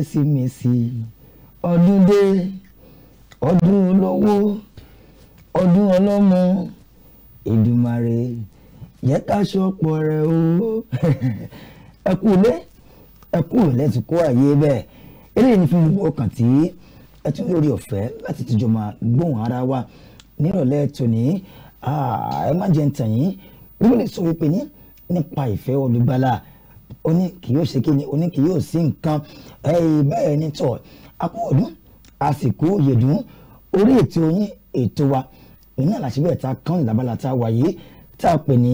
kérésìmesì ọdún dé ọdún olówó ọdún ọlọ́mọ Èdùmàrè yẹ ká ṣọpọ̀ rẹ̀ o ẹ kú lé ẹ kú lẹ́tù kó àyè bẹ́ẹ̀ eléyìí ni fún gbogbo ọkàn tí ẹ tún lórí ọ̀fẹ́ láti tìjọ máa gbóhùn ara wa nírọ̀lẹ́ tòní ẹ má jẹun tàn yín wọ́n lè sọ wípé nípa ìfẹ́ olùgbàlà ó kì yóò ṣe kí ni ó ní kì yóò sí nǹkan báyìí ní tọ̀ akú ọdún àsìkò yẹ̀dùn orí ètò yín ètò wa ìní ta kán ìlàbàlà ta wáyé tá a pè ní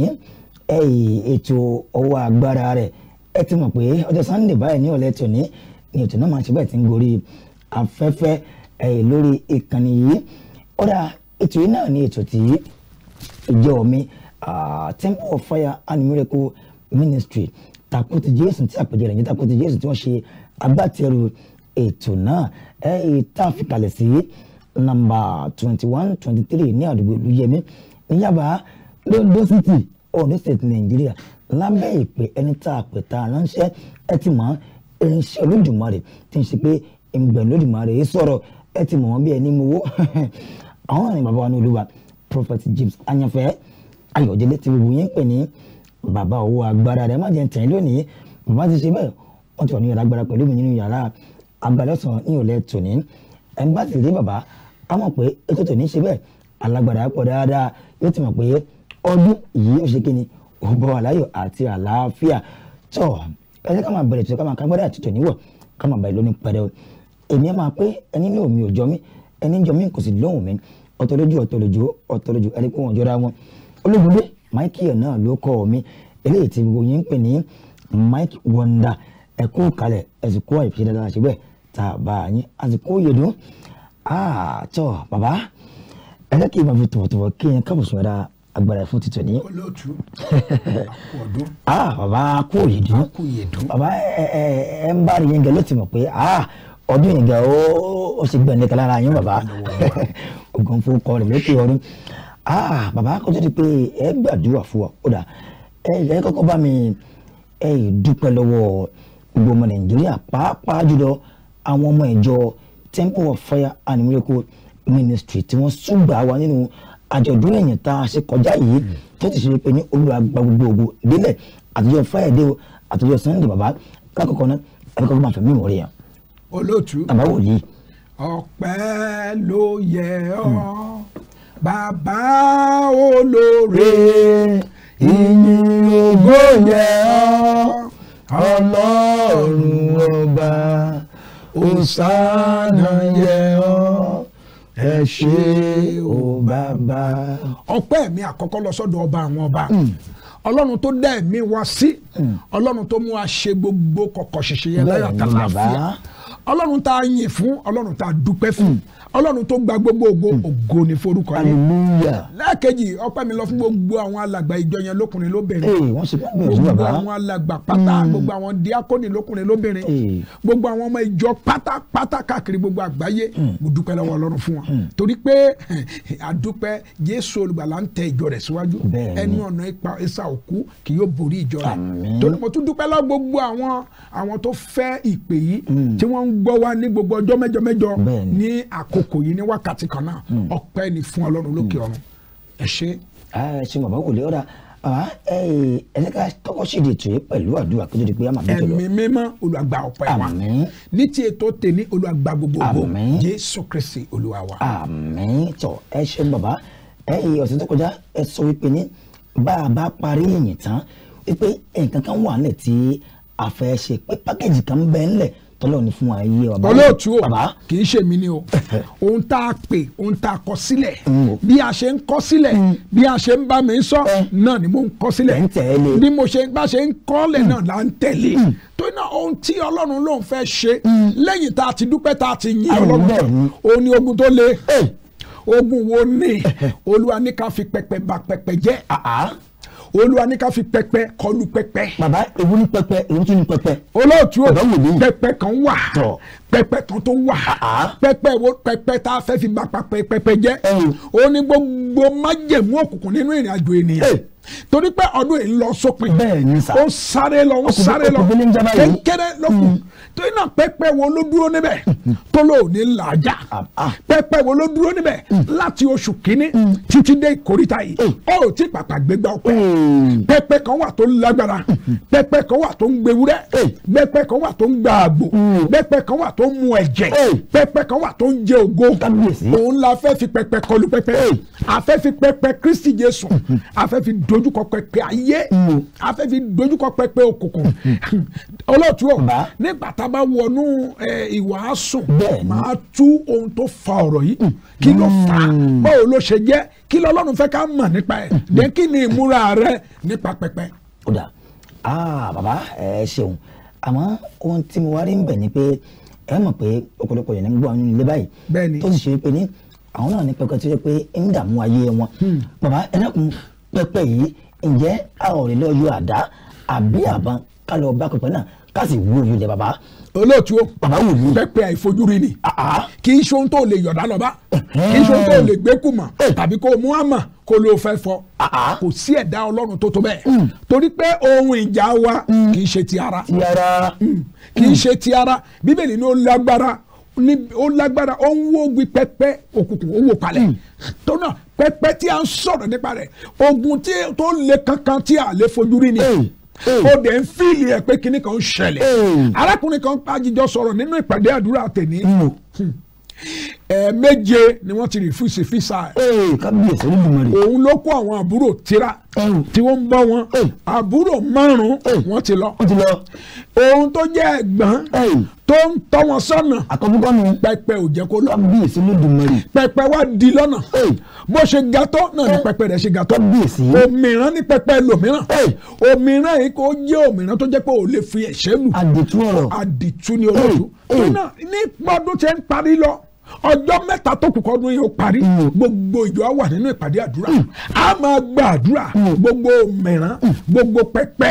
ètò ọwọ́ agbára rẹ̀ ẹ ti mọ̀ pé ọjọ́ báyìí ní ọ̀lẹ́ tòní ni ètò ti ń gorí lórí ìkànnì yìí ètò yìí náà ni ètò tí ìjọ mi ah, Temple of and Ministry Takuti jésù tí àpèjọ rẹ̀ ń jẹ́ takoti jésù tí wọ́n ṣe agbátẹrù ètò náà ẹ ìta fìkàlẹ̀ sí nàmbà twenty one twenty three ní àdúgbò olúyẹmí níyàbá lóńdó city Ondo state nàìjíríà lábẹ́ ìpè ẹni tá a pè tá a ránṣẹ́ ẹ ti mọ̀ irinṣẹ́ olódùmarè tí ń ṣe pé ìgbẹ̀ olódùmarè yìí sọ̀rọ̀ ẹ ti mọ̀ wọ́n bí ẹni mowó àwọn àrùn bàbá wa ní olúwa prophet James Anyafẹ́ Ayọ̀délé ti gbogbo yín pè ní bàbá owó agbára rẹ̀ má jẹ́ ń tẹ̀yìn lónìí bàbá ti ṣe bẹ́ẹ̀ wọ́n ti wà ní yàrá agbára pẹ̀lú mi nínú yàrá abalẹ́sàn ní òlẹ̀ tòní ẹni bá sì rí bàbá á mọ̀ pé ètò tòní ṣe bẹ́ẹ̀ alágbára pọ̀ dáadáa yóò ti mọ̀ pé ọdún yìí ó ṣe kí ni ó bọ̀ wá láyọ̀ àti àlàáfíà tọ̀ ẹ jẹ́ ká máa bẹ̀rẹ̀ tòní ká máa kágbádá àti tòní wọ̀ ká máa bẹ̀rẹ̀ lónìí pẹ̀rẹ̀ o èmi máa pé ẹni ní òmí òjọ́ mi ẹni jọ mi kò sì lóhùn mi ọ̀tọ̀ lójú ọ̀tọ̀ lójú ọ̀tọ̀ lójú ẹni pé wọ́n Michael náà ló kọ mi eléyìí tí gbogbo yín ń pè ní Mike Wonder ẹ kú kalẹ̀ ẹ̀sìnkú àìfi dáadáa ṣe bẹ́ẹ̀ tá a bá yín àsìkò yẹ̀dùn àtọ̀ ah, bàbá ẹlẹ́kì máa fi tọ̀wọ̀tọ̀wọ̀ kí yẹn kábùsùn ẹ̀dá agbára ẹ̀fọ́ títọ̀ ní. olóòtú àkọ́dún. Ah, bàbá kú yẹ̀dùn bàbá ẹ ń bá rí yẹn gẹ ló ti mọ̀ pé ah, ọdún yẹn gẹ ó ṣe gbẹ̀ndẹ̀kẹ́ lára yín bàbá ògùn fún kọ́ rẹ̀ lókè ọdún ah bàbá kò tó di pé ẹ gbàdúrà fún wa kódà ẹ ẹ kọ́kọ́ bá mi e dúpẹ́ lọ́wọ́ gbogbo ọmọ nàìjíríà pàápàá jùlọ àwọn ọmọ ìjọ temple of fire and miracle ministry tí wọ́n súgbà wa nínú àjọ̀dún ẹ̀yìn tá a ṣe kọjá yìí tó ti ṣe pé ní olúwa gba gbogbo ògo délẹ̀ àtijọ́ friday o àtijọ́ sunday bàbá lákòókò náà ẹ kọ́kọ́ máa fẹ̀mí ìwọ̀rẹ́ yẹn. olóòtú ọpẹ́ ló yẹ ọ́. Hmm bàbá olóore ìyìn ògo yẹ ọ́ ọlọ́run ọba òsánà yẹ ọ́ ẹ ṣé o bàbá. ọpẹ́ mi àkọ́kọ́ lọ sọ́dọ̀ ọba àwọn ọba mm. ọlọ́run tó dá ẹ̀mí wa sí mm. ọlọ́run tó mú wa ṣe gbogbo kọ̀kọ̀ ṣiṣẹ́ yẹn láyàtà láàfíà ọlọ́run tá a yìn fún ọlọ́run tá a dúpẹ́ fún mm. ọlọ́run tó gba gbogbo ògo mm. ògo ni forúkọ yẹn lẹ́ẹ̀kejì ọpẹ́ mi lọ fún gbogbo àwọn alàgbà ìjọ yẹn lókùnrin lóbìnrin gbogbo àwọn alàgbà pátá mm. gbogbo àwọn díákónì lókùnrin lóbìnrin gbogbo àwọn ọmọ ìjọ pátápátá káàkiri gbogbo àgbáyé mo dúpẹ́ lọ́wọ́ ọlọ́run fún wọn torí pé àdúpẹ́ jésù olùgbàlà ń tẹ ìjọ rẹ̀ síwájú ẹnu ọ̀nà ipa ìsà òkú kì yóò borí ìjọ rẹ̀ torí mo tún gbọ́ wa ní gbogbo ọjọ́ mẹ́jọ mẹ́jọ ní àkókò yìí ní wákàtí kan náà hmm. ọpẹ́ ni fún ọlọ́run lókè hmm. ọ̀run ẹ ṣe. ẹ ṣe bàbá kò lè ọ̀dà ẹsẹ ká tọkọ ṣèdè tó yẹ pẹ̀lú àdúrà kí ló di pé a máa bí tó lọ. ẹ̀mí mímọ́ olùgbà ọpẹ́ wa ní ti ètò tèmi olùgbà gbogbogbò jésù kristi olúwa wa. àmín tọ ẹ ṣe bàbá ẹyìn ọ̀sẹ̀ tó kọjá ẹ sọ wípé ní bá a bá parí ìyìn tán wípé nǹkan kan wà nílẹ̀ tí a fẹ́ ṣe pé pákéjì kan bẹ́ẹ̀ nílẹ̀ tọ́lọ́ ní fún wa yé wa. olóòtú o kì í ṣe mi ni o ohun tá a pè ohun tá a kọ sílẹ̀ mm. bí a ṣe ń kọ sílẹ̀ mm. bí a ṣe ń bá mi sọ eh. náà ni mo ń kọ sílẹ̀ bí mo ṣe bá ṣe ń kọ́lẹ̀ mm. náà là ń tẹ̀lé torí náà ohun tí ọlọ́run ló ń fẹ́ ṣe lẹ́yìn tá a ti dúpẹ́ tá a ti yin ọlọ́run òun ni ogun tó le eh. ogun wo ni olúwa ní ká fi pẹpẹ bà pẹpẹ jẹ́ ah, ah olúwa ní ká fi pẹpẹ kọlu pẹpẹ. bàbá ewu ní pẹpẹ ewu tún ní pẹpẹ. olóòtú o pẹpẹ kan wà pẹpẹ kan tó wà pẹpẹ wo pẹpẹ tá a fẹ́ fi bà pẹpẹ jẹ́ ó ní gbogbo májẹ̀mú òkùnkùn nínú ìrìn ènìyàn torí pé ọdún yìí lọ sópin ó sáré lọ ó sáré lọ kékeré lọkùn hmm. torí náà pẹpẹ wo ló dúró níbẹ̀ hmm. tó lò ní làájá ah, ah. pẹpẹ wo ló dúró níbẹ̀ hmm. láti oṣù kínní títí dé ìkórìtà yìí ó ti pàpà gbégbá ọpẹ pẹpẹ kan wà tó lágbára pẹpẹ kan wà tó ń gbewúrẹ́ pẹpẹ kan wà tó ń gba àgbò pẹpẹ kan wà tó ń mu ẹ̀jẹ̀ pẹpẹ kan wà tó ń jẹ ògo òun la fẹ́ fi pẹpẹ kọlù pẹpẹ a fi pẹpẹ Kristi Jésù a fi do dojúkọ pẹpẹ ayé mm. a fẹ́ fi dojúkọ pẹpẹ òkùnkùn olóòtú mm. ọ̀ nígbà tá a bá wọnú ìwàásù máa tú ohun tó fa ọ̀rọ̀ yìí mm. kí ló fà á báwo ló ṣe jẹ́ kí lọ́lọ́run fẹ́ ká mọ̀ nípa ẹ̀ dẹ́n kí ni ìmúra rẹ nípa pẹpẹ. ó dà ah bàbá ẹ ṣeun àmọ́ ohun tí mo wá rí ń bẹ̀ ni pé ẹ mọ̀ pé ọ̀pọ̀lọpọ̀ yẹn ń gbọ́ àwọn ilé báyìí tó sì ṣe pé ní àwọn náà ní pẹpẹ tó yẹ pé ń dààmú ayé wọn hmm. bàbá ẹ dákun pẹpẹ yìí ǹjẹ́ a ò lè yọ àdá àbí àbọn ká lọ bá pẹpẹ náà ká sì wú oyún lẹ bàbá. olóòtú bàbá wù mí. pẹpẹ àìfojúrí ni ah, ah. kì í ṣohun tó lè yọ̀dá lọ́ba kì í ṣohun tó lè gbé kùmọ̀ eh. tàbí kó mú àmọ̀ kó ló fẹ́ fọ́ ah, kò sí ẹ̀dá ọlọ́run tó tó bẹ́ẹ̀ hmm. torí pé ohun ìjà wa hmm. kì í ṣe ti ara hmm. kì í ṣe ti ara bíbélì ni ó lágbára ó lágbára ó ń wó gbi pẹpẹ òkùnkùn ó wò palẹ̀ tó náà pẹpẹ tí a ń sọ̀rọ̀ nípa rẹ̀ ogun tó le kankan tí a lè fojú rí ni ó dẹ̀ ń fíìlì ẹ̀ pé kinní kan ń ṣẹlẹ̀ arákùnrin kan ajijọ́ sọ̀rọ̀ nínú ìpàdé àdúrà tèmi ẹ̀ẹ̀méje ni wọ́n ti rìfúsì físà ẹ̀. kábíyèsí ní bùnmọ̀rì. òun ló kó àwọn àbúrò tira tí wọ́n ń bọ́ wọn àbúrò márùn-ún wọ́n ti lọ. òun tó jẹ́ ẹ̀gbọ́n tó ń tọ́ wọn sọ́nà. àkọ́bùkọ́ mi. pẹpẹ ò jẹ́ kó lọ. kábíyèsí ní bùnmọ̀rì. pẹpẹ wa di lọ́nà. bó ṣe ga tó náà ni pẹpẹ rẹ̀ ṣe ga tó. kábíyèsí. òmìrán ni pẹpẹ lòmíràn. òmìrán yìí kò jẹ́ òmìrán tó jẹ́ pé ò lè fi ẹ̀ṣẹ́ lù. àdìtú ọ̀rọ̀ àdìtú ni olóòtú ọjọ́ mẹ́ta tó kù kọ́dún yóò parí mm. gbogbo ìjọ wà nínú ìpàdé àdúrà mm. a máa gba àdúrà mm. gbogbo mìíràn gbogbo pẹpẹ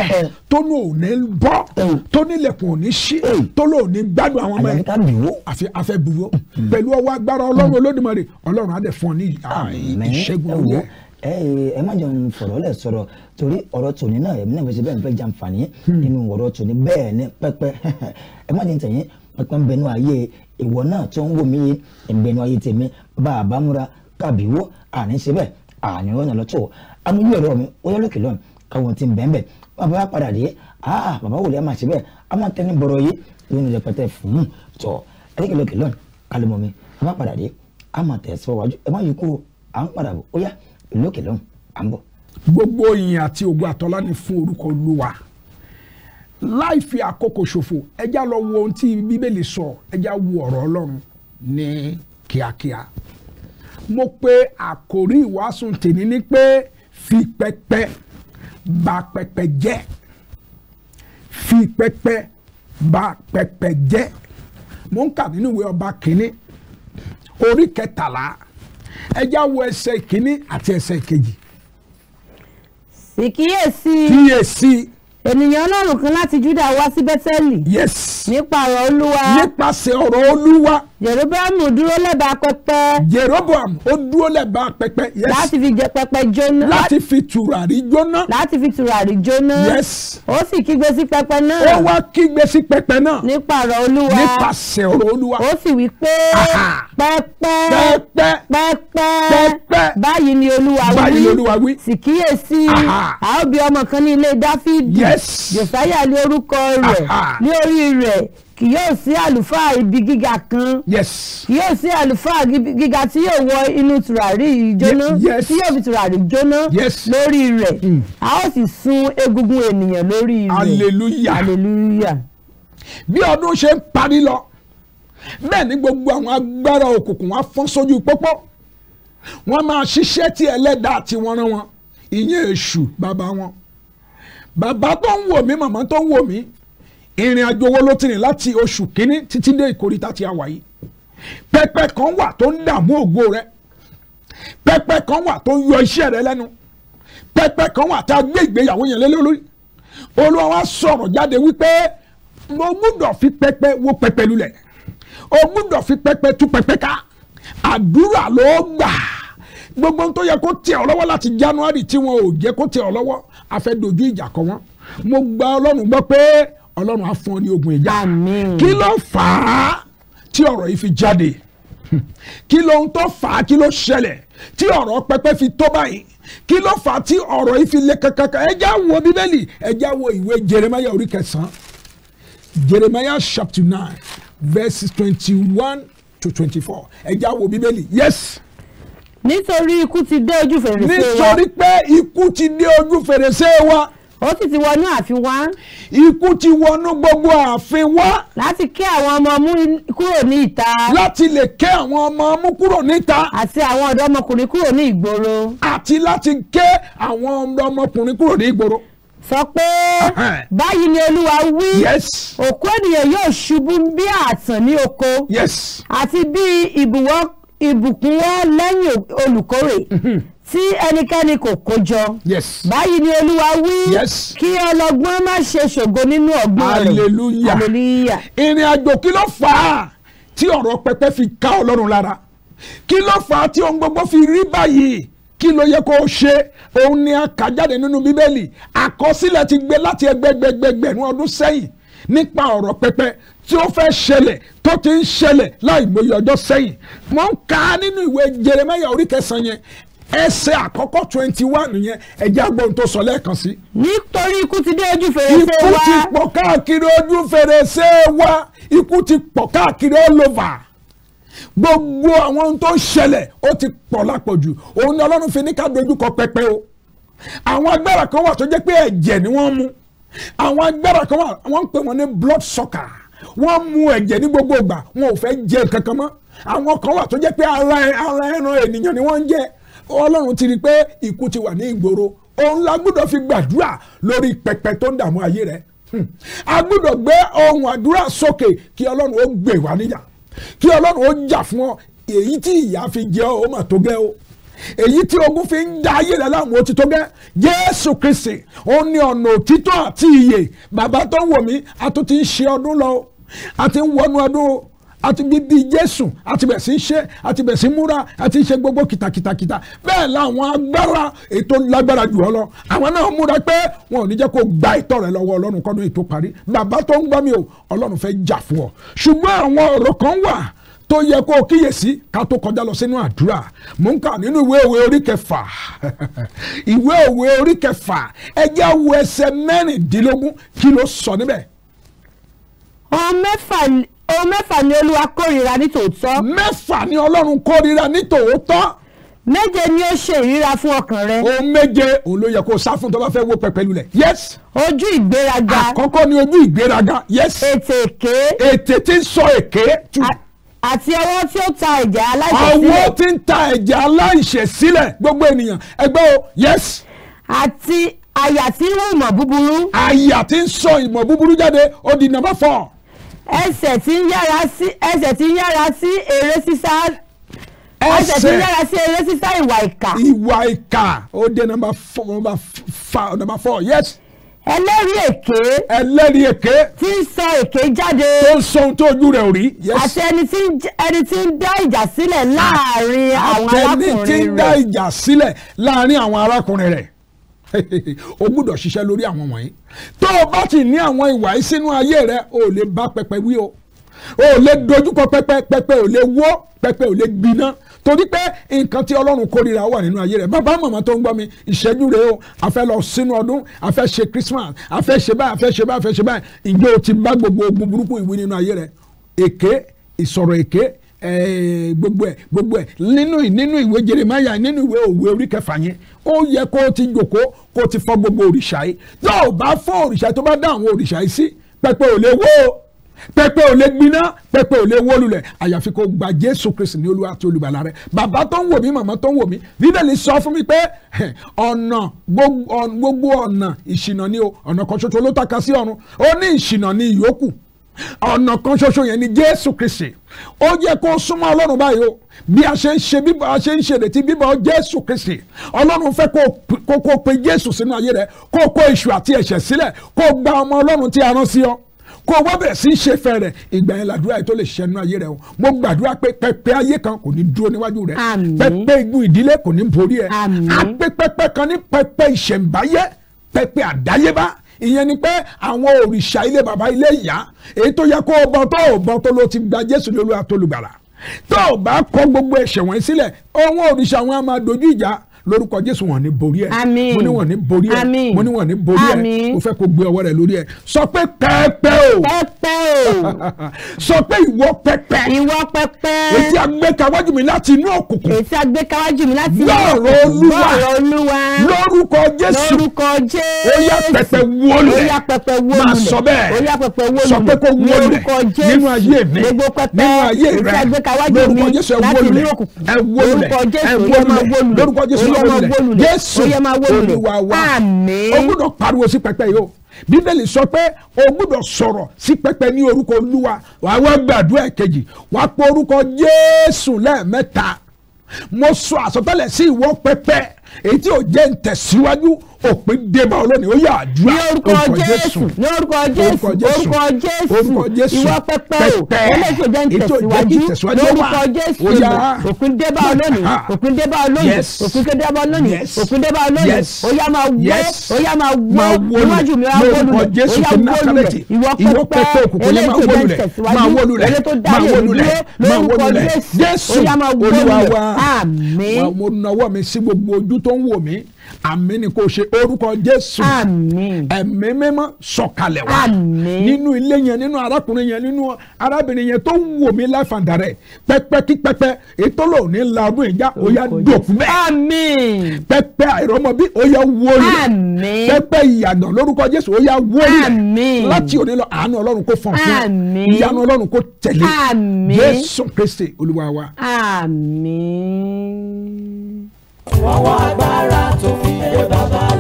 tónú ò ní bọ́ tónílẹ̀kùn ò ní ṣí tóló ò ní gbádùn àwọn ọmọ yẹn àfi afẹ́ buwọ́ pẹ̀lú ọwọ́ agbára ọlọ́run olódùmarè ọlọ́run á dẹ̀ fún ọ ní ìṣẹ́gun ọ̀yẹ́ ẹ má jẹun fọ̀rọ̀ lẹ̀ sọ̀rọ̀ torí ọ̀rọ̀ tòní náà ẹ̀mí náà fẹ́ ṣe bẹ́ẹ̀ fẹ́ jàǹfààní hmm. nínú ọ̀rọ̀ tòní bẹ́ẹ̀ ni pẹ́pẹ́ ẹ má jẹun tẹ̀yìn pẹ́pẹ́ ń bẹnu ayé ìwọ náà tó ń wò mí yìí ìgbẹ́nu ayé tèmi bá a bá múra kábí wó àní síbẹ̀ àní ọ̀nà lọ́tọ̀ amúlú ẹ̀rọ mi ó yọ lókè lọ́nà káwọn ti ń bẹ́ẹ̀ bẹ́ẹ̀ bàbá wa padà dé àà bàbá wòlé àmà síbẹ̀ àmà tẹ́ni bọ̀rọ̀ yìí lónìí rẹpẹtẹ fún tọ̀ ẹ̀rẹ́kẹ̀ lókè lọ́nà kálímọ̀ mi bàbá padà dé àmà tẹ̀síwọ́ wájú ẹ̀ má yí kú à ń padà bọ̀ ó yá lókè lọ́nà à ń bọ̀. gbogbo ìyìn àti ògo àtọ́lá ni fún orúkọ Olúwa láì fi àkókò ṣòfò ẹjá lọ wo ohun tí bíbélì sọ ẹjá wo ọ̀rọ̀ ọlọ́run ní kíákíá mo pe àkòrí ìwàásù tèmi ni pé fi pẹpẹ bà pẹpẹ jẹ́ fi pẹpẹ bà pẹpẹ jẹ́ mo ń kà nínú ìwé ọba kínní orí kẹtàlá ẹjá wo ẹsẹ̀ kínní àti ẹsẹ̀ kejì. sì kíyèsí ènìyàn ọlọ́run kan láti Júdà wá sí Bẹ́tẹ́lì. yes. nípa ọ̀rọ̀ Olúwa. nípasẹ̀ ọ̀rọ̀ Olúwa jeroboamu dúró lẹ́bàá pẹpẹ. jeroboam ó dúró lẹ́bàá pẹpẹ. yes láti fi jẹ pẹpẹ jóná. láti fi tùràrí jóná. láti fi tùràrí jóná. yes. ó sì kígbe sí pẹpẹ náà. ó wá kígbe sí pẹpẹ náà. nípa ọ̀rọ̀ olúwa. nípasẹ̀ ọ̀rọ̀ olúwa. ó sì wí pé pẹpẹ. pẹpẹ. pẹpẹ. pẹpẹ. báyìí ni olúwa wí. báyìí ni olúwa wí. sì kíyèsí. a ó bí ọmọ kan ní ilé dáfídì. yes. jòsáyà ní orúkọ rẹ̀ ní orí rẹ̀ kì yóò sí àlùfáà ibi gíga kan yes. kì yóò sí àlùfáà gíga tí yóò wọ inú tùràrí ìjóná yes. tí yóò fi tùràrí jóná yes. lórí rẹ̀ mm. a ó sì sun egungun ènìyàn lórí rẹ̀ hallelujah hallelujah. bí ọdún ṣe ń parí lọ bẹ́ẹ̀ ni gbogbo àwọn agbára òkùnkùn wa fọ́n sójú pópó wọ́n máa ṣiṣẹ́ tí ẹlẹ́dàá tí wọ́n rán wọn ìyẹn èṣù bàbá wọn bàbá tó ń wò mí màmá tó ń wò mí ìrìn àjò owó ló ti rìn láti oṣù kínní títí dé ìkórìtà tí a wà yìí pẹpẹ kan wà tó ń dààmú ògo rẹ pẹpẹ kan wà tó ń yọ iṣẹ́ rẹ lẹ́nu pẹpẹ kan wà tá a gbé ìgbéyàwó yẹn lé lórí wa sọ̀rọ̀ jáde wípé mo gbúdọ̀ fi pẹpẹ wo pẹpẹ lulẹ̀ o gbúdọ̀ fi pẹpẹ tú pẹpẹ ká àdúrà ló gbà gbogbo ohun tó yẹ kó tẹ̀ ọ́ lọ́wọ́ láti January tí wọn ò jẹ́ kó tẹ̀ ọ́ lọ́wọ́ a fẹ́ dojú ìjà kọ wọ́n mo gba ọlọ́run gbọ́ pé ọlọ́run á fún ọ ní ogun ìjà kí ló fà á tí ọ̀rọ̀ yìí fi jáde kí ló ń tó fà á kí ló ṣẹlẹ̀ tí ọ̀rọ̀ pẹpẹ fi tó báyìí kí ló fà á tí ọ̀rọ̀ yìí fi le kankankan ẹ wo bíbélì ẹ wo ìwé jeremiah orí kẹsàn-án jeremiah chapter nine verses twenty-one to twenty-four ẹ já wo bíbélì yes. nítorí ikú ti dé ojú fèrèsé wa nítorí pé ikú ti dé ojú fèrèsé wa ó sì ti wọnú ààfin wa. ikú ti wọnú gbogbo ààfin wa. láti ké àwọn ọmọ mú kúrò ní ìta. láti lè ké àwọn ọmọ mú kúrò níta. àti àwọn ọ̀dọ́mọkùnrin kúrò ní ìgboro. àti láti ké àwọn ọmọkùnrin kúrò ní ìgboro sọ pé báyìí ni olúwa wí òkú ènìyàn yóò ṣubú bí ààtàn ní oko àti bí ìbùkún wọn lẹ́yìn olùkórè mhm tí ẹnikẹ́ni kò kójọ. yes. báyìí ni olúwa wí. yes. kí ọlọ́gbọ́n má ṣe ṣògo nínú ọgbọ́n rẹ̀. hallelujah hallelujah. ìrìn àjò kí ló fà á tí ọ̀rọ̀ pẹpẹ fi ká ọlọ́run lára kí ló fà á tí ohun gbogbo fi rí báyìí kí ló yẹ kó o ṣe òun ni a kà jáde nínú bíbélì àkọsílẹ̀ ti gbé láti ẹgbẹgbẹgbẹgbẹ̀rún ọdún sẹ́yìn nípa ọ̀rọ̀ pẹpẹ tí ó fẹ́ ṣẹlẹ̀ tó ti ń ṣẹlẹ̀ láì gbóyè ọjọ́ sẹ́yìn mo ń ka nínú ìwé Jeremáyà orí kẹsàn-án yẹn ẹsẹ̀ àkọ́kọ́ twenty one yẹn ẹjẹ agbóhun tó sọ lẹ́ẹ̀kan sí. nítorí ikú ti dé ojú fèrèsé wa ikú ti pọ̀ káàkiri ojú fèrèsé wa ikú ti pọ̀ káàkiri all over gbogbo àwọn ohun tó ń ṣẹlẹ̀ ó ti pọ̀ lápọ̀jù òun ni ọlọ́run fi ní ká dojúkọ pẹpẹ o àwọn agbára kan wà tó jẹ́ pé ẹ̀jẹ̀ ni wọ́n mú àwọn agbára kan wà wọ́n ń pè wọ́n ní blood sucker wọ́n mú ẹ̀jẹ̀ ní gbogbo ìgbà wọn ò fẹ́ jẹ kankan mọ́ àwọn kan wà tó jẹ́ pé ara ẹran ènìyàn ni wọ́n ń jẹ ọlọ́run ti rí i pé ikú ti wà ní ìgboro òun la gbọ́dọ̀ fi gbàdúrà lórí pẹpẹ tó ń dààmú ayé rẹ hmm. a gbọ́dọ̀ gbé ohun àdúrà sókè kí ọlọ́run ó gbè wá níjà kí ọlọ́run ó jà fún ọ èyí tí ìyà fi jẹ ọ ó mà tó gẹ́ o èyí tí ogun fi ń da ayé rẹ láwọn òtítọ́ gẹ́ jésù kristi ó ní ọ̀nà òtítọ́ àti ìyè bàbá tó ń wò mí a tún ti ń ṣe ọdún lọ a ti ń wọnú ọdún o àti bíbí jésù àti bẹ̀ sí ń ṣe àti bẹ̀ sí múra àti ṣe gbogbo kìtàkìtàkìtà bẹ́ẹ̀ làwọn agbára ètò lágbára jù ọ lọ àwọn náà múra pé wọn ò ní jẹ́ kó gba ìtọ́ rẹ lọ́wọ́ ọlọ́run kọ́dún ètò parí bàbá tó ń gbọ́ mi o ọlọ́run fẹ́ jà fún ọ ṣùgbọ́n àwọn ọ̀rọ̀ kan wà tó yẹ kó o kíyèsí ká tó kọjá lọ sínú àdúrà mò ń kà nínú ìwé òwe orí kẹfà ìwé òwe orí kẹfà ẹjẹ wo ẹsẹ̀ mẹ́rìndínlógún kí ló sọ níbẹ̀. ọ̀hún mẹ́fà ohun mẹ́fà ni olúwa kórìíra ní tòótọ́. mẹ́fà ni ọlọ́run kórìíra ní tòótọ́. méje ni ó ṣe ìríra fún ọkàn rẹ. ohun méje òun ló yẹ kó sá fún tó bá fẹ́ wó pẹpẹ lulẹ̀. yes. ojú ìgbéraga. àkọ́kọ́ ni ojú ìgbéraga. yes. ètè èké. ètè tí ń sọ èké. àti ọwọ́ tí ó ta ẹ̀jẹ̀ aláìṣẹ̀sílẹ̀. ọwọ́ tí ń ta ẹ̀jẹ̀ aláìṣẹ̀sílẹ̀ gbogbo ènìyàn ẹgbẹ́ o yes. àti àyà tí ń rún ìmọ̀ búburú. àyà tí ń sọ ìmọ̀ búburú jáde ó number four ẹsẹ̀ tí ń yára sí ẹsẹ̀ tí ń yára sí eré sísá ẹsẹ̀ tí ń yára sí eré sísá ìwà ìkà. ìwà ìkà ó dé nọ́mbà four nọ́mbà five nọ́mbà four yes. ẹlẹ́rìí èké. ẹlẹ́rìí èké. tí ń sọ èké jáde. tó ń sọ ohun tó ojú rẹ̀ ò rí. àti ẹni tí ẹni tí ń dá ìjà sílẹ̀ láàárín àwọn arákùnrin rẹ̀. àtẹni tí ń dá ìjà sílẹ̀ láàárín àwọn arákùnrin rẹ̀. o gbúdọ̀ ṣiṣẹ́ lórí àwọn wọ̀nyí tó o bá ti ní àwọn ìwà yìí sínú ayé rẹ o lè bá pẹpẹ wí o o lè dojúkọ pẹpẹ pẹpẹ ò lè wó pẹpẹ ò lè gbiná torí pé nǹkan tí ọlọ́run kórìíra wà nínú ayé rẹ bàbá màmá tó ń gbọ́ mi ìṣẹ́jú rèé o a fẹ́ lọ sínú ọdún a fẹ́ ṣe Christmas a fẹ́ ṣe báyìí a fẹ́ ṣe báyìí a fẹ́ ṣe báyìí ìjọ ti bá gbogbo ogun burúkú ìwé nínú ayé rẹ èké ìsọ̀rọ̀ èké Eh, gbogbo ẹ̀ gbogbo ẹ̀ nínú nínú ìwé jeremaya nínú ìwé òwe orí kẹfà yẹn ó yẹ kó o ti jòkó kó o ti fọ gbogbo òrìṣà yìí tó o bá fọ òrìṣà tó bá dá àwọn òrìṣà yìí sí pẹpẹ ò lè wó o pẹpẹ ò lè gbiná pẹpẹ ò lè wó lulẹ̀ àyàfi kó gba jésù kristu ní olúwa àti olùgbàlà rẹ bàbá tó ń wò mí màmá tó ń wò mí bíbélì sọ fún mi pé ọ̀nà gbogbo ọ̀nà ìṣìnà ni o ọ̀nà kan ṣoṣo ló tàka sí ọ̀run ó ní ìṣìnà ni ìyókù ọ̀nà kan ṣoṣo yẹn ni jésù kristi ó jẹ́ kó súnmọ́ ọlọ́run báyìí o bí a ṣe ń ṣe bíbọ̀ a ṣe ń ṣe retí bíbọ̀ jésù kristi ọlọ́run fẹ́ kó kó pe jésù sínú ayé rẹ kó kó èṣù àti ẹ̀ṣẹ̀ sílẹ̀ kó gba ọmọ ọlọ́run tí a rán sí ọ kó wá bẹ̀rẹ̀ sí ṣe fẹ́ rẹ̀ ìgbà yẹn làdúrà yìí tó lè ṣiṣẹ́ nínú ayé rẹ̀ o mo gbàdúrà pé pẹpẹ ayé kan kò ní dúró níwájú rẹ̀ pẹpẹ igun ìdílé kò ní borí ẹ àpẹpẹpẹ kan ní pẹpẹ ìṣẹ̀ǹbáyé pẹpẹ àdáyébá ìyẹn ni pé àwọn òrìṣà ilé bàbá ilé ìyá èyí tó yẹ kó o bọ tó o bọ tó ló ti gba jésù lólu àtolùgbàlà tó o bá kọ gbogbo ẹ̀ṣẹ̀ wọn sílẹ̀ àwọn òrìṣà wọn a máa dojú ìjà lórúkọ jésù wọn ni borí ẹ mo ní wọn ni borí ẹ mo ní wọn ni borí ẹ mo fẹ́ kó gbé ọwọ́ rẹ lórí ẹ sọ pé pẹpẹ o pẹpẹ o sọ pé ìwọ pẹpẹ ìwọ pẹpẹ etí agbẹkawájú mi láti inú òkùnkùn etí agbẹkawájú mi láti inú òkùnkùn lọ́rọ̀ olúwa lórúkọ jésù lórúkọ jésù ó yá pẹpẹ wọlé ó yá pẹpẹ wọlé máa sọ bẹ́ẹ̀ ó yá pẹpẹ wọlé sọ pé kó wọlé nínú ayé mi nínú ayé rẹ lórúkọ jésù ẹ wọlé ẹ wọlé ẹ wọlé lórúkọ jésù wólulẹ̀ jésù olúwa wa o gbọ́dọ̀ pariwo sí pẹpẹ yìí o bíbélì sọ pé o gbọ́dọ̀ sọ̀rọ̀ sí pẹpẹ ní orúkọ olúwa wàá wá gbàdúrà ẹ̀kejì wàá pọ orúkọ jésù lẹ́ẹ̀mẹ́ta mo sọ àsọtẹ́lẹ̀ sí ìwọ pẹpẹ èyí tí ò jẹ́ ntẹ̀síwájú òpin débà olónìí ó yà àdúrà orúkọ jésù orúkọ jésù orúkọ jésù ìwọ pẹpẹ o eléyìí jẹ́ ntẹ̀síwájú orúkọ jésù òpin débà olónìí òpin débà olónìí òpin débà olónìí òpin débà olónìí ó yá máa wọ́ ó yá máa wọ́ níwájú mi wá wọ́lu rẹ̀ ó yá wọ́lu rẹ̀ ìwọ pẹpẹ eléyìí jẹ́ ntẹ̀síwájú eléyìí tó dáyé òdúró lórúkọ jésù ó yá ah. máa wọ́lu rẹ̀ àmín ojú tó ń wò mí àmín ni kò ṣe orúkọ jésù àmín ẹ̀mí mímọ́ sọ̀kalẹ̀ nínú ilé yẹn nínú arákùnrin yẹn nínú arábìnrin yẹn tó ń wò mí láfàǹdà pẹpẹ kí pẹpẹ ètò lò ní laadun ìjà ó yá pẹpẹ àìrọ́mọbí ó wọlé pẹpẹ ìyàgàn lórúkọ jésù ó wọlé láti òní lọ àánú ọlọ́run kó fọ̀n fún àmín ìyanu ọlọ́run kó jésù kristi olúwa wa. àmín fọwọ́ agbára tó fi lé bàbá.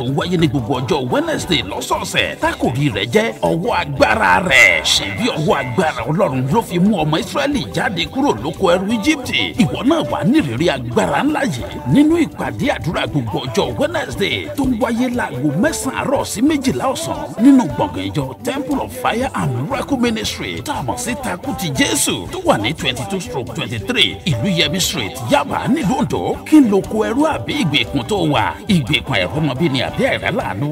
tó ń wáyé ní gbogbo ọjọ́ wednesday lọ́sọ̀ọ̀sẹ̀ tákòrí rẹ̀ jẹ́ ọwọ́ agbára rẹ̀ ṣèbí ọwọ́ agbára ọlọ́run ló fi mú ọmọ israẹli jáde kúrò lóko ẹrú íjíbítì ìwọ náà wà nírìírí agbára ńlá yìí nínú ìpàdé àdúrà gbogbo ọjọ́ wednesday tó ń wáyé láago mẹ́sàn-án àárọ̀ sí méjìlá ọ̀sán nínú gbọ̀ngàn ìjọ temple of fire and miracle ministry tá a mọ̀ sí takuti jésù tó wà ní twenty two stroke twenty three ìlú yẹmi street yaba nílùú ondo kí n lóko ẹrú àbí ìgbèkùn tó wà ìgbèkùn ẹ̀rọ ọmọbìnrin àbí ẹ̀rẹ́ làánú.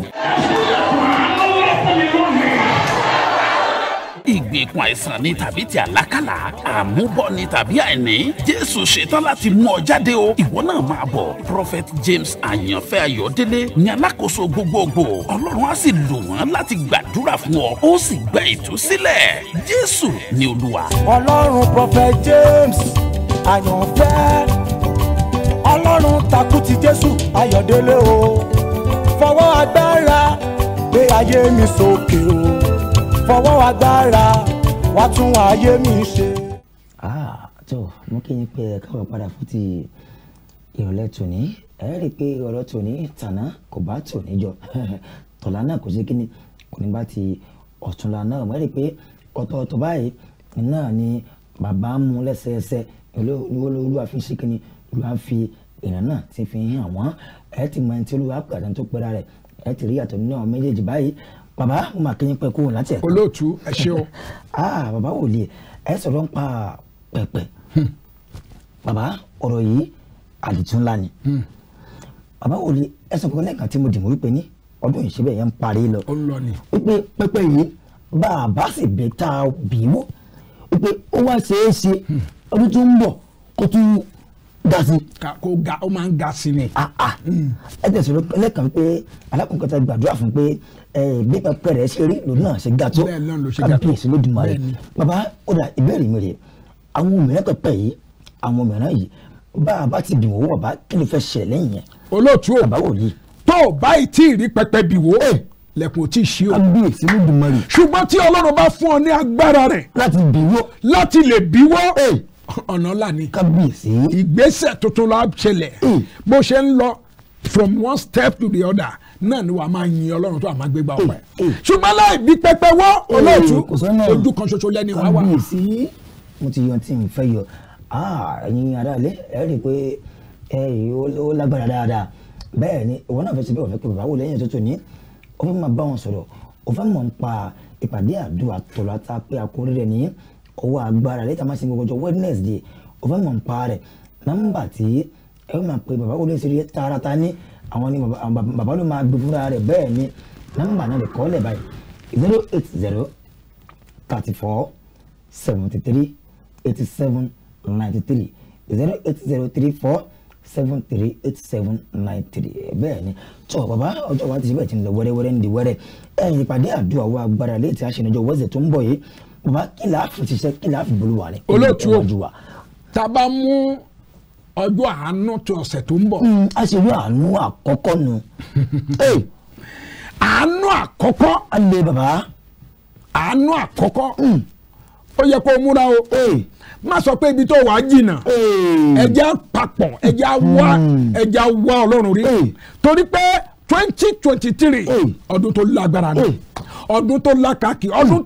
ìgbèkùn àìsàn ni tàbí ti àlákàlà àmúbọ̀ ni tàbí àìní jésù ṣetán láti mú ọ jáde o ìwọ náà máa bọ̀ prophet james àyànfẹ́ ayọ̀délé ni alákòóso gbogbogbò ọlọ́run á sì lò wọ́n láti gbàdúrà fún ọ ó sì gba ìtúsílẹ̀ jésù ni olúwa. ọlọ́run prophet james àyànfẹ́ ọlọ́run takú ti jésù ayọ̀délé o fọwọ́ agbára gbé ayé mi sókè o fọwọ́ agbára wá tún ayé mi ṣe. Ah, tó mú kí n pé ẹ káwọ padà fún ti ìrọ̀lẹ́ tòní ẹ rí i pé ọ̀rọ̀ tòní tàná kò bá tòní jọ tọ̀la náà kò ṣe kí ni kò ní bá ti ọ̀túnla náà mọ̀ ẹ rí i pé ọ̀tọ̀ọ̀tọ̀ báyìí náà ni bàbá mú lẹ́sẹẹsẹ olúwa fi ṣe kí ni olúwa fi ìran náà ti fi hàn wọ́n ẹ ti mọ ẹni tí olúwa pè àtẹni tó pera rẹ̀ ẹ ti rí yàtọ̀ nínú àwọn méjèèjì báyìí bàbá mo máa kéyìn pẹ́ kúrò láti ẹ̀. olóòtú ẹ ṣé o. ah bàbá wò lè ẹ sọ̀rọ̀ ń pa pẹ̀pẹ̀ hmm. bàbá ọ̀rọ̀ yìí àdìtú ńlá ni hmm. bàbá wò lè ẹ sọ pé lẹ́ẹ̀kan tí mo dì mọ́ wípé ní ọdún yìí síbẹ̀ yẹn ń parí lọ wípé pẹ̀pẹ̀ yìí bàbá sì bẹ́ẹ̀ tá a bì í wò wípé ó wá ṣeé ṣe hmm. ọdún tó ń bọ̀ kó tún ga sí. kò ga ó máa ń ga sí ni. Ah, ah. ẹ tẹ̀sán ló lẹ́kàn pé alákùnkàn tẹ gbàdúrà fún pé bí pẹpẹ rẹ ṣe rí lòun náà ṣe ga tó kábíyèsí lódùmarè bàbá ó dà ìbéèrè mi rè àwọn òmìnira pẹpẹ yìí àwọn òmìnira yìí bá a bá ti bì wò bàbá kí ló fẹ́ ṣẹ̀ lẹ́yìn yẹn. olóòtú o bàbá wò yìí. tó o bá ì tí ì rí pẹpẹ bì wò eh. lẹ́kùn tí ì ṣí o. kábíyèsí lódùmarè. ṣùgbọ́n tí ọlọ́run bá fún ọ ní agbára rẹ̀. láti bì wò. láti lè bì wò. Eh ọ̀nà ńlá ni kábíyèsí ìgbésẹ̀ tuntun la ṣẹlẹ̀ mm. bó ṣe ń lọ from one step to the other náà ni wà á máa yin ọlọ́run tó a máa gbégbá ọ̀pẹ. Mm. Mm. ṣùgbọ́n láì bí pẹpẹ wọ́ olóòtú ojú kan ṣoṣo lẹ́ni wá wà. mo ti yọ tí n fẹ́ yọ ah, ẹ̀yin aráalé ẹ̀ rí i pé ẹ̀ ó lágbára dáadáa bẹ́ẹ̀ ni ìwọ náà fẹ́ ṣe bí wọ́n fẹ́ pé bàbá wò lẹ́yìn tuntun ní ó fẹ́ máa bá wọn sọ̀rọ̀ ó fẹ́ mọ̀ nípa ìpàdé àdúrà tọ̀lá tá a pé akórí rẹ̀ nìyẹn ọwọ́ agbára lẹ́tà máa ṣe gbogbo ọjọ́ Wednesday ó fẹ́ mọ̀ nípa rẹ̀ nọ́mbà tí ẹ máa pe bàbá olóṣèlú tààràtà ní àwọn ni bàbá ló máa gbé fúnra rẹ̀ bẹ́ẹ̀ ni nọ́mbà náà lè kọ́ lẹ̀ báyìí zero eight zero thirty four seventy three eighty seven ninety three zero eight zero three four seven three eight seven nine three bẹ́ẹ̀ ni tó bàbá ọjọ́ wa ti ṣe bẹ́ẹ̀ ti ń lọ wẹ́rẹ́wẹ́rẹ́ ń di wẹ́rẹ́ ẹ̀yìn ìpàdé àdúrà wa agbára léètì àṣẹ ìnájọ́ wẹ́sẹ̀ tó ń bọ̀ yìí bàbá kí là á fi ṣiṣẹ́ kí là á fi bolúwa rẹ̀. olóòtú o tá a bá mú ọjọ́ àánú tó ọ̀sẹ̀ tó ń bọ̀. a ṣe ní àánú àkọ́kọ́ nu. àánú àkọ́kọ́. alẹ́ bàbá. àánú àkọ́kọ́. ó yẹ kó múra o. má sọ pé ibi tó wà á jìnnà. ẹja papọ̀ ẹja wá ẹja hmm. wá ọlọ́run rí. torí pé twenty twenty three oh. ọdún tó lágbára ni oh. ọdún tó lákàkì oh. ọdún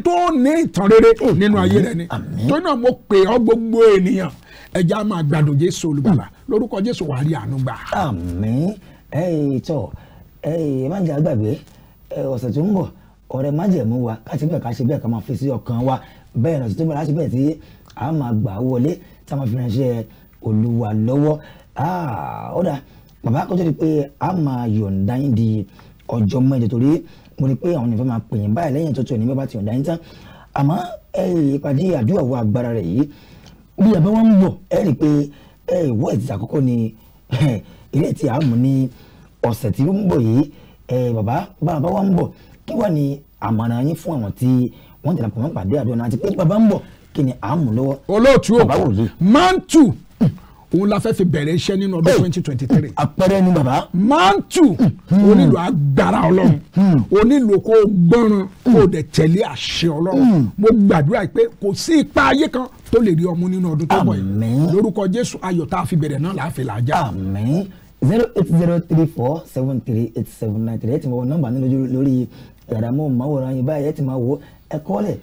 tó ní ìtàn rere nínú ayé rẹ ni tó náà mo pè ọ gbogbo ènìyàn ẹja máa gbàdùn jésù olùgbàlà lórúkọ jésù wàá rí àánú gbà. àmín ẹyìn tọ ẹyìn má jẹ àgbàgbé ọ̀sẹ̀ tó ń bọ̀ ọ̀rẹ́ má jẹ̀ mú wa ká ti bẹ̀ ká ṣe bẹ́ẹ̀ ká máa fi sí ọkàn wa bẹ́ẹ̀ náà tó bẹ̀rẹ̀ láti bẹ̀ẹ̀ tí a máa gbà wọlé tá a máa fi ránṣẹ́ olúwa lọ́wọ́ ah, ó dáa bàbá kọjá di pé a máa yọ̀ǹda yín di ọjọ́ mẹ́jọ torí mo rí pé àwọn ènìyàn máa pè yín báyìí lẹ́yìn tuntun ní bàbá ti yọ̀ǹda yín tán àmọ́ ẹ ìpàdé àdúrà wo agbára rẹ̀ yìí bí ẹ bá wọn ń bọ̀ ẹ rí i pé ẹ ìwọ ìtìsà àkọ́kọ́ ni ilé tí a mú ní ọ̀sẹ̀ tí ó ń bọ̀ yìí ẹ bàbá bàbá wa ń bọ̀ kí wà ní àmọ̀ràn yín fún àwọn tí wọ́n tẹ̀lé pọ̀ mọ́ pàdé àdúrà náà àti pé bàbá ń bọ̀ kí ni à ń mú lọ́wọ́. olóòtú o mantu òun la fẹ́ fi bẹ̀rẹ̀ iṣẹ́ nínú ọdún twenty twenty three. àpẹẹrẹ ni bàbá. máa ń tù onílù hmm. agbára ọlọ́run onílù hmm. hmm. kó gbọ́ràn kó dẹ̀ tẹ̀lé àṣẹ ọlọ́run mo gbàdúrà pé kò sí ipa ayé kan tó lè rí ọmú nínú ọdún tó bọ̀ yìí lórúkọ jésù ayọ̀ tá a fi bẹ̀rẹ̀ náà là á fi zero eight zero three four seven three eight seven nine three ẹ ti mọ nọ́mbà nínú lórí yàrá mọ màwòrán yín báyìí ẹ ti máa wo ẹ kọ́ lẹ̀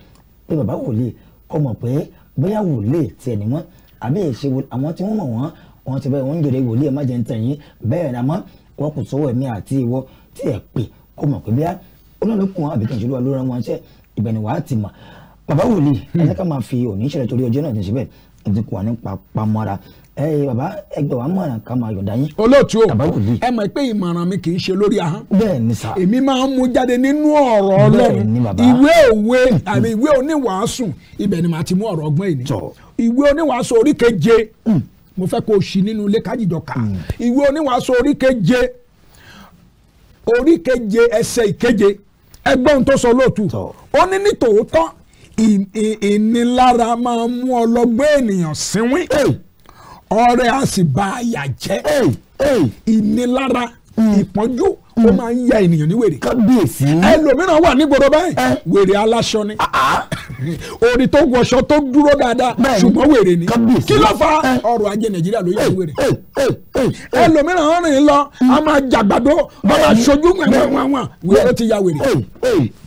pé bàbá wòlíì kọ́ mọ̀ pé bóyá wòlíì tiẹ̀ ni wọ́n àbí ìṣe àwọn tí wọ́n mọ̀ wọ́n wọ́n ti bẹ́ẹ̀ wọ́n ń jèrè wòlíì má jẹ́ ń tẹ̀ yín bẹ́ẹ̀ ni àmọ́ wọ́n kò sọ́wọ́ ẹ̀mí àti ìwọ tí ẹ̀ pè kó mọ̀ pé bí olólùkùn àbíkan ìṣòro ló wọn ṣẹ́ ìbẹ̀ni wàá ti mọ̀ bàbá wòlíì ẹ̀ ẹ baba, ẹgbẹ́ wa mọ̀ràn ká máa yọ̀dá yín. olóòtú o ẹ mọ̀ pé ìmọ̀ràn mi kì í ṣe lórí ahọ́n. bẹ́ẹ̀ ni sà. èmi máa ń mú jáde nínú ọ̀rọ̀ ọlọ́run ìwé òwe àbí ìwé oníwàásù ibẹ̀ ni màá ti mú ọ̀rọ̀ ọgbọ́n ìní. ìwé oníwàásù orí keje hmm. mo fẹ́ kó o ṣí nínú ilé kájìjọ kà hmm. ìwé oníwàásù orí keje orí keje ẹsẹ̀ ìkeje ẹgbọ́n tó sọ lóòtú ó ní nítòótọ́ ìnilára máa mú ọlọ́gbọ́n ènìyàn sínwín ọrẹ a sì bà àyà jẹ́ ìnilára hmm. ìpọ́njú ó hmm. máa ń ya ènìyàn ní wèrè. kábíyèsí. ẹlòmíràn wà nígboro báyìí eh. wèrè aláṣọ ni ah, ah. orí tó wọṣọ tó dúró dáadáa ṣùgbọ́n wèrè ni kí ló fa eh. ọrọ̀ ajé nàìjíríà ló yẹ wèrè. ẹlòmíràn ọ̀rìn lọ hmm. a máa jàgbàdo a máa ṣojú wẹ̀wẹ̀wẹ̀ wèrè ti ya wèrè.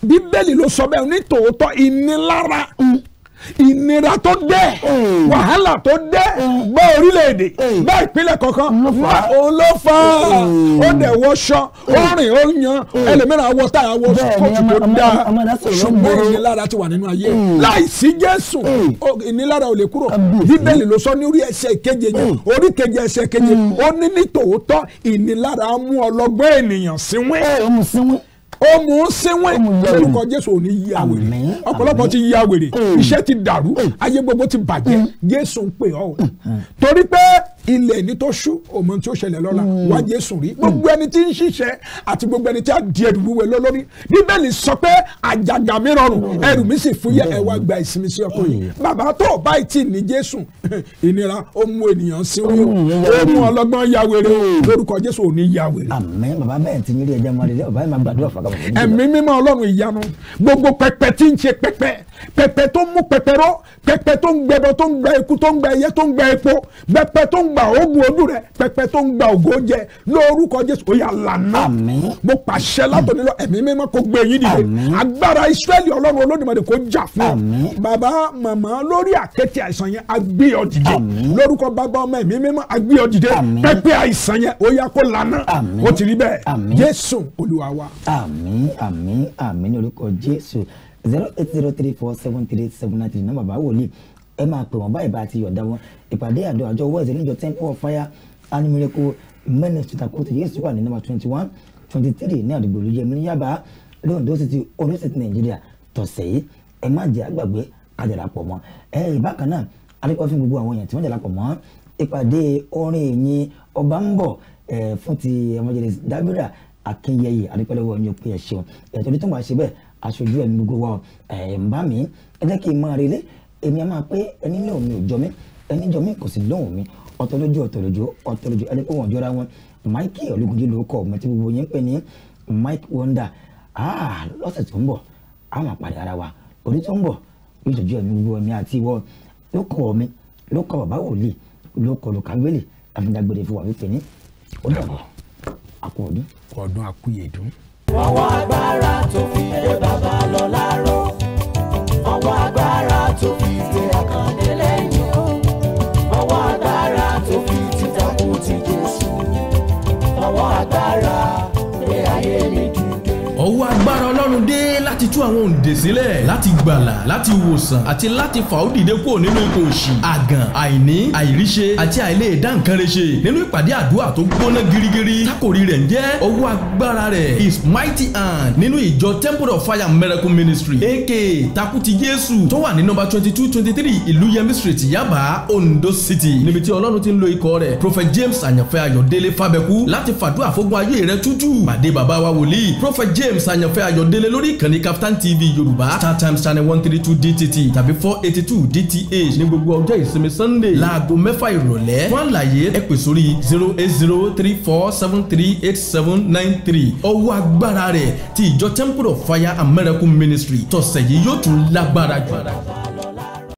bíbélì ló sọ bẹ́ẹ̀ ní tòótọ́ ìnilára ìnira tó dé wàhálà tó dé bá orílẹ̀-èdè bá ìpínlẹ̀ kankan wà ó ló fa ó dẹ̀ wọṣọ ó rìn ó yan ẹlẹ́mìíràn awọ tá a wọ kóòtù tó dáa ṣùgbọ́n ìnilára ti wà nínú ayé láìsí Jésù ìnilára ò lè kúrò Bíbélì ló sọ ní orí ẹsẹ̀ keje yẹn orí keje ẹsẹ̀ keje hmm. ó ní ní tòótọ́ ìnilára mú ọlọ́gbọ́n ènìyàn síwín ó mú un sẹ́wọ̀n lórúkọ jésù ò ní yí àwèrè ọ̀pọ̀lọpọ̀ ti yí àwèrè mm. iṣẹ́ ti dàrú mm. ayé gbogbo ti bàjẹ́ mm. jésù ń pè ọ́ torí pé ilẹ̀ ní tó ṣú òmò tí ó ṣẹlẹ̀ lọ́la hmm. wá Jésù rí gbogbo ẹni tí ń ṣiṣẹ́ àti gbogbo ẹni tí a di ẹrù wúwo lọ́lọ́rí bíbélì sọ pé àjàgà mi rọrùn hmm. ẹrù mi sì fúyẹ́ ẹ wá gba ìsinmi sí ọkàn yìí hmm. bàbá tó o báyìí tí ní Jésù ìnira ó mú ènìyàn sí orí ó mú ọlọ́gbọ́n ya wèrè lórúkọ Jésù ò ní ya wèrè. àmín bàbá bẹ́ẹ̀ ti ní ilé ẹja máa rí bàbá yìí máa gbàdúrà fún akábọ̀. ẹ̀mí mímọ́ Ọlọ́run gba oògùn ojú rẹ pẹpẹ tó ń gba ògo jẹ lórúkọ jésù ó lànà mo pàṣẹ látòní lọ ẹ̀mí mímọ́ kó gbé yín dìde agbára israẹli ọlọ́run olódùmarè kó jà fún ọ bàbá màmá lórí àkété àìsàn yẹn agbé ọ dìde lórúkọ bàbá ọmọ ẹ̀mí mímọ́ agbé ọ dìde pẹpẹ àìsàn yẹn ó yá lànà ó ti rí bẹ́ẹ̀ jésù olúwa wa. àmín àmín àmín ní orúkọ jésù zero eight zero three four seven three seven nine three nọ́mbà bá wòlíì ẹ máa pè wọ́n báyìí bá ti yọ̀ǹda wọn ìpàdé àdó àjọ wẹ́ẹ̀sì níjọ temple of fire and miracle ministry takoto yéésù wà ní nọ́mbà twenty one twenty three ní àdúgbò olùyẹmí ní yaba lóńdó sì ti ondo sì ti nàìjíríà tọ̀sẹ̀ yìí ẹ má jẹ́ àgbàgbé kájàlápọ̀ mọ́ ẹ ìbákan náà alẹ́kọ̀ọ́ fún gbogbo àwọn èèyàn tí wọ́n jàlápọ̀ mọ́ ìpàdé orin ìyìn ọba ń bọ̀ fún ti evangelist dabira akínyẹyẹ adúpẹ́lẹ́wọ́ ẹ̀mí òpin ẹ̀ ẹ̀tọ́ ní tó máa ṣe bẹ́ẹ̀ aṣojú ẹ̀mí gbogbo wa ẹ̀ ń bá mi ẹ jẹ́ kí n máa relé èmi a máa pé ẹni ní òmí ò jọ mí ẹni jọ mí kò sì lóhùn mi ọ̀tọ̀ lójú ọ̀tọ̀ lójú ẹni pé wọ́n jọra wọn Michael Olúgunjú ló kọ ọmọ tí gbogbo yẹn ń pè ní Mike Wonder ah, lọ́sẹ̀ tó ń bọ̀ a máa pàdé ara wa orí tó ń bọ̀ lójoojú ẹ̀mí gbogbo ẹ̀mí àti ìwọ ló kọ ọmí ló kọ bàbá wòlíì ló kọ lùkàwélì àfìdàgbèrè fún wa wípé ní onígbàgbọ́ àkú ọdún. ọdún àkúyèdún. ọwọ́ agbára tó fi lé bàbá lọ́la tó fi dé àkàndé lẹ́yìn o ọwọ́ agbára tó fi ti takú ti Jésù ọwọ́ agbára ọwọ́ agbára ọlọ́run dé láti tú àwọn òǹdè sílẹ̀ láti gbàlà láti wòsàn àti láti fà ó dìde kúrò nínú ipò òṣì àgàn àìní àìríṣe àti àìlè dá nǹkan rẹ̀ ṣe nínú ìpàdé àdúrà tó gbóná girigiri tákòrí rẹ̀ ń jẹ́ ọwọ́ agbára rẹ̀ his mighty hand nínú ìjọ temple of fire miracle ministry aka takuti jésù tó wà ní nọ́mbà twenty two twenty three ìlú yẹmi street yaba ondo city níbi tí ọlọ́run ti ń lo ikọ̀ rẹ̀ prophet james àyànfẹ́ ayọ̀délé fábẹ́kú láti fàdúrà fógun ayé rẹ̀ tútù pàdé bàbá wa wòlíì prophet james games àyànfẹ́ ayọ̀délé lórí ìkànnì Kaftan TV yorùbá startimes channel one three two dtt tàbí four eighty two dth ní gbogbo ọjọ́ ìsinmi sunday láago mẹ́fà ìrọ̀lẹ́ fún àlàyé ẹ pè sórí zero eight zero three four seven three eight seven nine three ọwọ́ agbára rẹ̀ ti ìjọ temple of fire and miracle ministry tọ̀sẹ̀ yìí yóò tún lágbára jù.